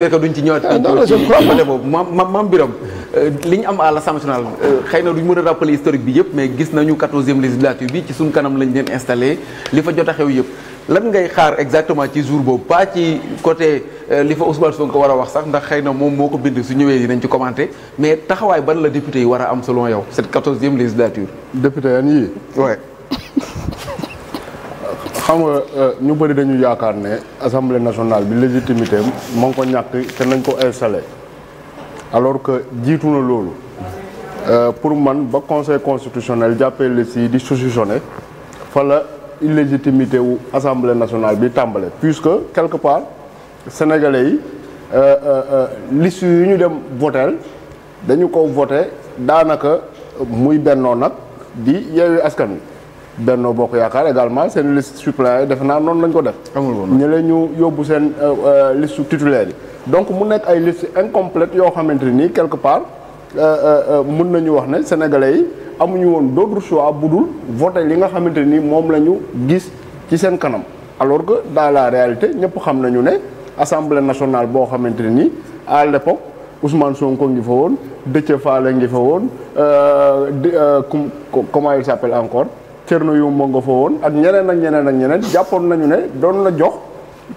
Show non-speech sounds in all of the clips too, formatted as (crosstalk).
que duñ ci ñëwaat. ah non non je crois pas maam maam Birame euh, li ñu am à l'Assemblée nationale euh, xëy na duñ mën a rappeler historique bi yëpp mais gis nañu quatorzième législature bi ci suñ kanam lañ leen installé li fa jot a xew yëpp lan ngay xaar exactement ci jour boobu pas ci côté euh, li fa Ousmane Sonko war a wax sax ndax xëy na moom moo ko bind su ñëwee dañ ci commenté mais taxawaay ban la député yi war a am selon yow cette quatorzième législature. député yan yii. xam nga euh, ñu bëri dañu yaakaar ne assemblée nationale bi légitimité am moo ngi ko ñàkk te nañ ko installé alors que jiitu na loolu euh, pour man ba conseil constitutionnel jàppee la si di saucissonné fa la illégitimité wu assemblée nationale bi tàmbale puisque quelque part sénégalais yi euh, liste yu ñu dem votel dañu ko voté daanaka muy bennoo nag di yeewi askan wi Benno Bokk Yaakaar également seen liste suppléant yi def naa noonu lañ ko def. amul woon ñu leen ñu yóbbu seen euh, euh, liste titulaire yi. donc mu nekk ay liste incomplète yoo xamante nii quelque part euh, mun nañu wax ne sénégalais yi amuñu woon d'autre choix bu dul voter li nga xamante nii moom la ñu gis ci seen kanam. alors que dans la réalité ñëpp xam nañu ne assemblée nationale boo xamante nii à l'époque Ousmane Sonko ngi fa woon Déthié Fall ngi fa woon comment il s'appelle encore. Thierno Youmba nga fa woon ak ñeneen ak ñeneen ak ñeneen jàppoon nañu ne doon la jox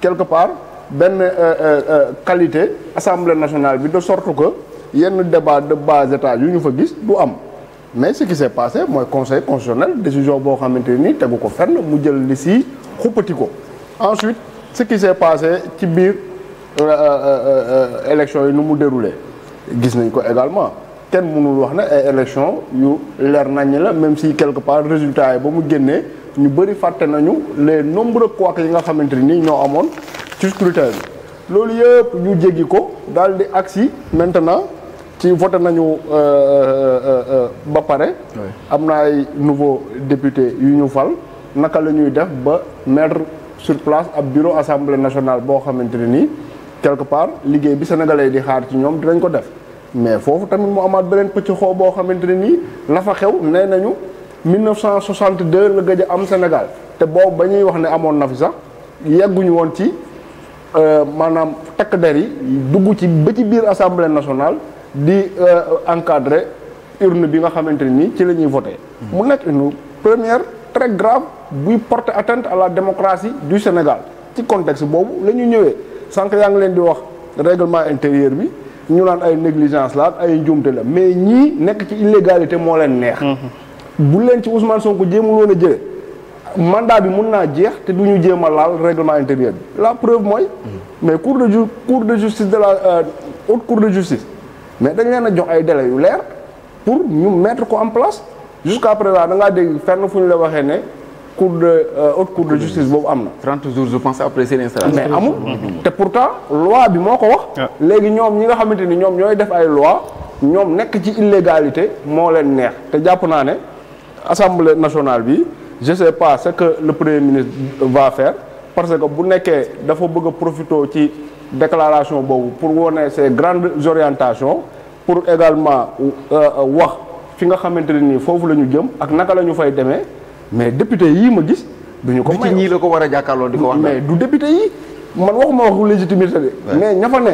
quelque part benn euh, euh, euh, qualité assemblée nationale bi de sorte que yenn débat de bas étage yu ñu fa gis du am mais ce qui s'est passé mooy conseil constitutionnel décision boo xamante ni tegu ko fenn mu jël li si xuppati ko ensuite ce qui s'est passé ci biir élection yi nu mu déroulé gis nañ ko également kenn mënul wax na ay élection yu leer nañ la même si quelque part résultat yi ba mu génnee ñu bëri fàtte nañu les nombreux couacs yi nga xamante ni ñoo amoon ci scrutin loolu yëpp ñu jéggi ko daal di agsi maintenant ci voté nañu euh, euh, euh, ba pare am na ay nouveau député yu ñu fal naka la ñuy def ba metre sur place ab bureau assemblée nationale boo xamante ne nii quelque part liggéey bi sénégalais di xaar ci ñoom dinañ ko def mais foofu tamit mu amaat beneen pëcc xoo boo xamante ne nii la xew nee nañu 1962 la gëj a am Sénégal te boobu ba ñuy wax ne amoon na fi sax yegguñu woon ci euh, maanaam takk der yi dugg ci ba ci biir assemblée nationale di euh, encadrer urne bi nga xamante ne nii ci la ñuy voté. Hmm. mu nekk une première très grave buy porter atteinte à la démocratie du Sénégal ci contexte boobu la ñu ñëwee sànq yaa ngi leen di wax règlement intérieur bi. ñu naan ay négligence la ay njuumte la mais ñii nekk ci illégalité moo leen neex. Mhm. bu leen ci Ousmane Sonko jéemul woon a jële mandat bi mun naa jeex te du ñu jéem a laal règlement intérieur bi la preuve mooy. Mhm. mais cour de ju cour de justice de la euh, haute cour de justice. mais dañ leen a jox ay délais yu leer pour ñu mettre ko en place jusqu'à présent da ngaa dégg fenn fu ñu la waxee ne. cour de euh, haute cour de justice boobu am na. 30 jours je pense après seen installation. mais amul te pourtant loi bi moo ko wax. Ah. léegi ñoom ñi nga xamante ni ñoom ñooy def ay loi ñoom nekk ci illégalité moo leen neex te jàpp naa ne assemblée nationale bi je sais pas ce que le premier ministre va faire parce que bu nekkee dafa bëgg a profité ci déclaration boobu pour wone ses grandes orientations pour également euh, euh, wax fi nga xamante ne nii foofu la ñu jëm ak naka la ñu fay demee. mais député yii ma gis. ñu ko may ci ko war a jàkkaarloo di ko wax. mais du député yi man waxuma waxu légitimité de. mais ña fa ne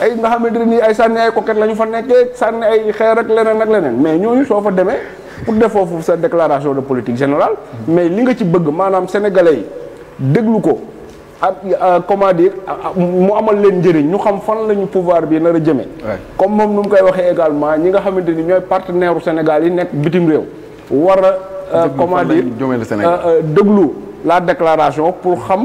ay nga xamante ne nii ay sànni ay coquette la ñu fa nekkee sànni ay xeer ak leneen ak leneen mais ñu soo fa demee pour def foofu sa déclaration de politique général mm. mais li nga ci bëgg maanaam sénégalais yi déglu ko. ak euh, comment dire mu amal leen njëriñ ñu xam fan la ñu pouvoir bii nar a jëmee. comme moom nu mu koy waxee également ñi nga xamante ni ñooy partenaire Sénégal yi nekk bitim réew Euh, comment dire euh, euh, déglu la déclaration pour xam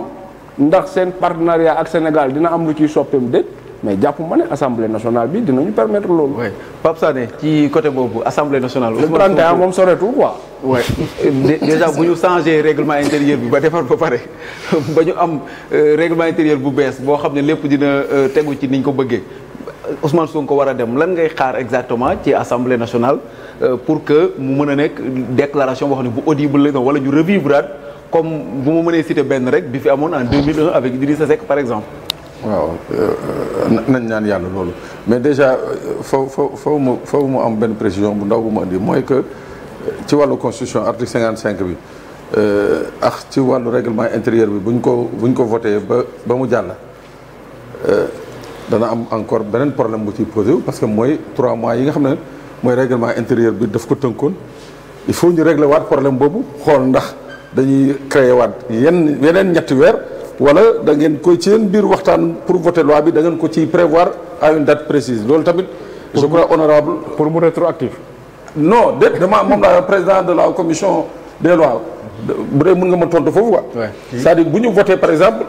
ndax seen partenariat ak Sénégal dina am lu ciy soppeem déet mais jàpp ma ne assemblée nationale bi dinañu permettre loolu. oui Pape ci côté boobu assemblée nationale. le 31 moom soreetul quoi. oui déjà bu ñu changé règlement intérieur bi ba defar ba pare ba ñu am règlement intérieur bu bees boo xam ne lépp dina tegu ci niñ ko bëggee. Ousmane Sonko war a dem lan ngay xaar exactement ci assemblée nationale euh, pour que mu mën a nekk déclaration boo xam ne bu audible la wala ñu revivre comme bu ma mënee citer benn rek bi fi amoon en 2001 avec Idrissa Seck par exemple. waaw euh, nañ naan yàlla loolu mais déjà euh, faw faw mu faw mu am benn précision bu ndaw bu ma indi mooy que ci wàllu constitution article cinq bi ak ci wàllu règlement intérieur bi buñ ko buñ ko voté ba ba mu jàll. dana am encore beneen problème bu ci posé parce que mooy 3 mois yi nga xam ne mooy règlement intérieur bi daf ko tënkoon il faut ñu régler waat problème boobu xool ndax dañuy créer waat yenn yeneen ñetti weer wala da ngeen koy ci yenn biir waxtaan pour voter loi bi da ngeen ko ciy prévoir à une date précise loolu tamit. je crois honorable pour mu rétroactif. non de dama moom laa président de la commission des lois bu dee mën nga ma tontu foofu quoi. c'est-à-dire bu ñu voté par exemple.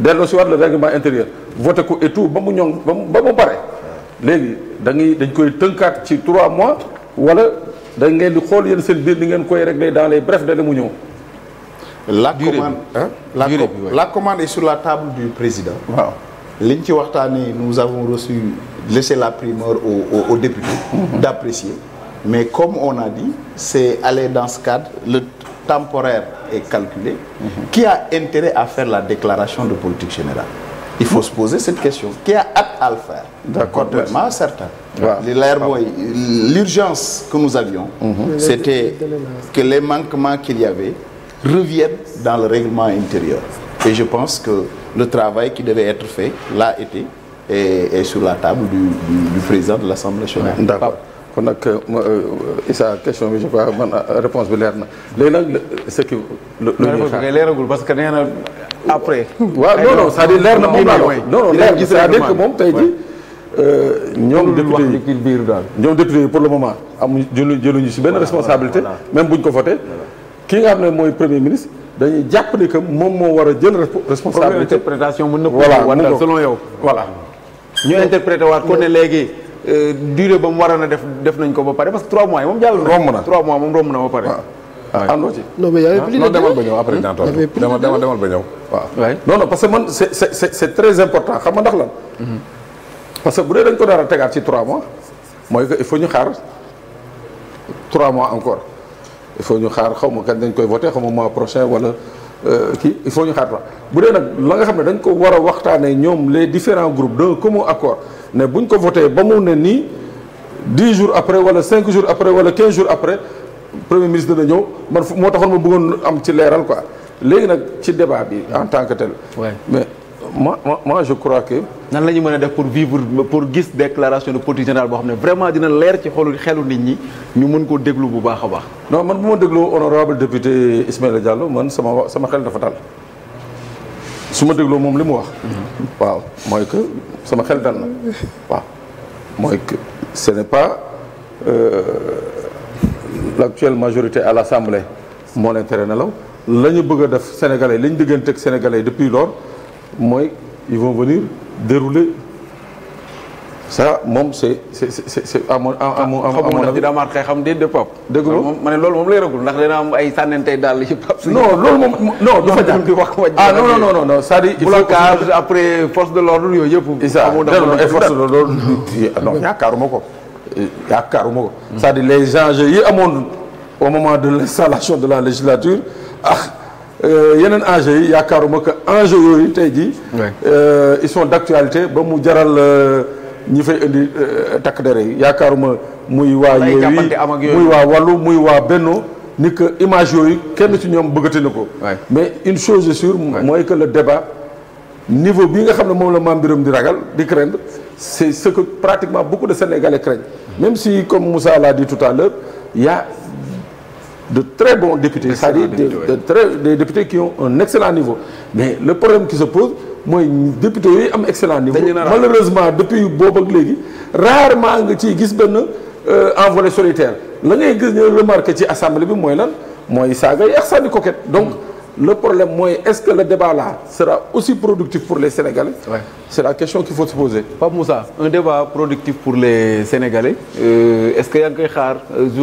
delloo si waat le règlement intérieur voté ko et tout ba mu ñoŋ ba mu ba mu léegi da ngay dañ koy tënkaat ci trois mois wala da ngeen di xool yéen seen biir ni ngeen koy régler dans les brefs délais mu ñëw. la commande hein? la, durée, com la commande sur la table du président. waaw li ñu ci waxtaanee nous avons reçu laissé la primeur au au, au député. Mm -hmm. mais comme on a dit c' est aller dans ce cadre le. temporaire et calculée, mhm. qui a intérêt à faire la déclaration de politique générale il faut se poser cette question qui a hâte à le faire d'accord contrairement à certains li leer mooy l'urgence que nous avions mmh. c'était que les manquements qu'il y avait reviennent dans le règlement intérieur et je pense que le travail qui devait être fait l'a été et est sur la table du, du, du président de l'Assemblée nationale kon nag euh, euh, Issa question bi je crois man réponse bi leer na léegi nag ce qui. lu ñuy xaar mais leeragul parce que nee na après. waaw non non c'est-à-dire leer na moom laa wax non non leer cest te dire que moom tey jii. Euh, ñoom député yi biir daal ñoom député yi pour le moment amuñu jëluñu jëluñu si benn responsabilité même buñ ko voté ki nga xam ne mooy premier ministre dañuy jàpp ni que moom moo war a jël responsabilité interprétation mu na ko voilà selon yow voilà ñu interprété waat ko ne léegi Euh, durée ba mu waroon a def def nañ ko ba pare parce que 3 mois yi moom jàll na. romb na 3 mois moom romb na ba pare. waaw àndoo ah ci. non mais y' avait ba demal ba ñëw waaw. non parce que man c' est c' est très important xam nga ndax lan. parce que bu dee dañ ko dara tegaat ci 3 mois mooy que il faut ñu xaar 3 mois encore il faut ñu xaar xaw ma kañ dañ koy voté xaw ma mois prochain wala. Euh, kii il faut ñu xaar fa bu dee nag la nga xam ne dañ ko war a waxtaanee ñoom les différents groupes d'un commun ne ñu ko voté ba mu ne nii dix jours après wala cinq jours après wala quinze jours après premier ministre dana ñëw man moo taxoon ma bëggoon am ci leeral quoi léegi nag ci débat bi en tant que tel. mais moi moi je crois que. nan la ñu mën a def pour vivre pour gis déclaration de politique générale boo xam ne vraiment dina leer ci xolu xelu nit ñi ñu mën ko déglu bu baax a baax. non man bu ma dégloo honorable député Ismaïla Diallo man sama sama xel dafa dal. su ma dégloo moom li mu wax. waaw mooy que sama xel dal na waaw mooy que ce n'est pas euh, l'actuelle majorité à l'Assemblée moo leen tere nelaw la ñu bëgg a def sénégalais li ñu diggante ak sénégalais depuis lors mooy ils vont venir dérouler. ça moom c' est c' est c' est à mon à mon à mon avis dina amaat xëy xam moom ma ne loolu moom lay ragul ndax dina am ay sànnante daal ci Pape. non loolu moom (laughs) non du fa jàpp di wax ah non non non non c'est-à-dire il faut que de l'ordre yooyu de l'ordre ah, non mm-hmm. yaakaaruma ko yaakaaruma ko. c'est-à-dire les enjeux yi au moment de l'installation de la législature ah. Euh, yeneen enjeux yi yaakaaruma que enjeux yooyu tey jii. Euh, ils sont d' ba mu jaral. Euh, ñi fay indi euh, takk dere yaakaaruma muy waa Yewwi muy waa Wallu muy waa Benno ni que image yooyu kenn ci ñoom bëggati ko mais une chose est sûre mooy que le débat niveau bi nga xam ne moom la Mame biram di ragal di craindre c'est ce que pratiquement beaucoup de Sénégalais craignent même si comme Moussa l'a dit tout à l'heure il y a de très bons députés c'est-à-dire des, de très, des députés qui ont un excellent niveau mais le problème qui se pose mooy député yooyu am excellent niveau malheureusement depuis boobu ak léegi rarement nga ci gis benn euh, envolée solitaire la ngay gis ñu remarqué ci assemblée bi mooy lan mooy saaga yi ak sànni coquette donc hmm. le problème mooy est-ce que le débat là sera aussi productif pour le Sénégalais ouais. c'est la question qu'il faut se poser Pape Moussa un débat productif pour les Sénégalais euh, est-ce que yaa ngi koy xaar euh,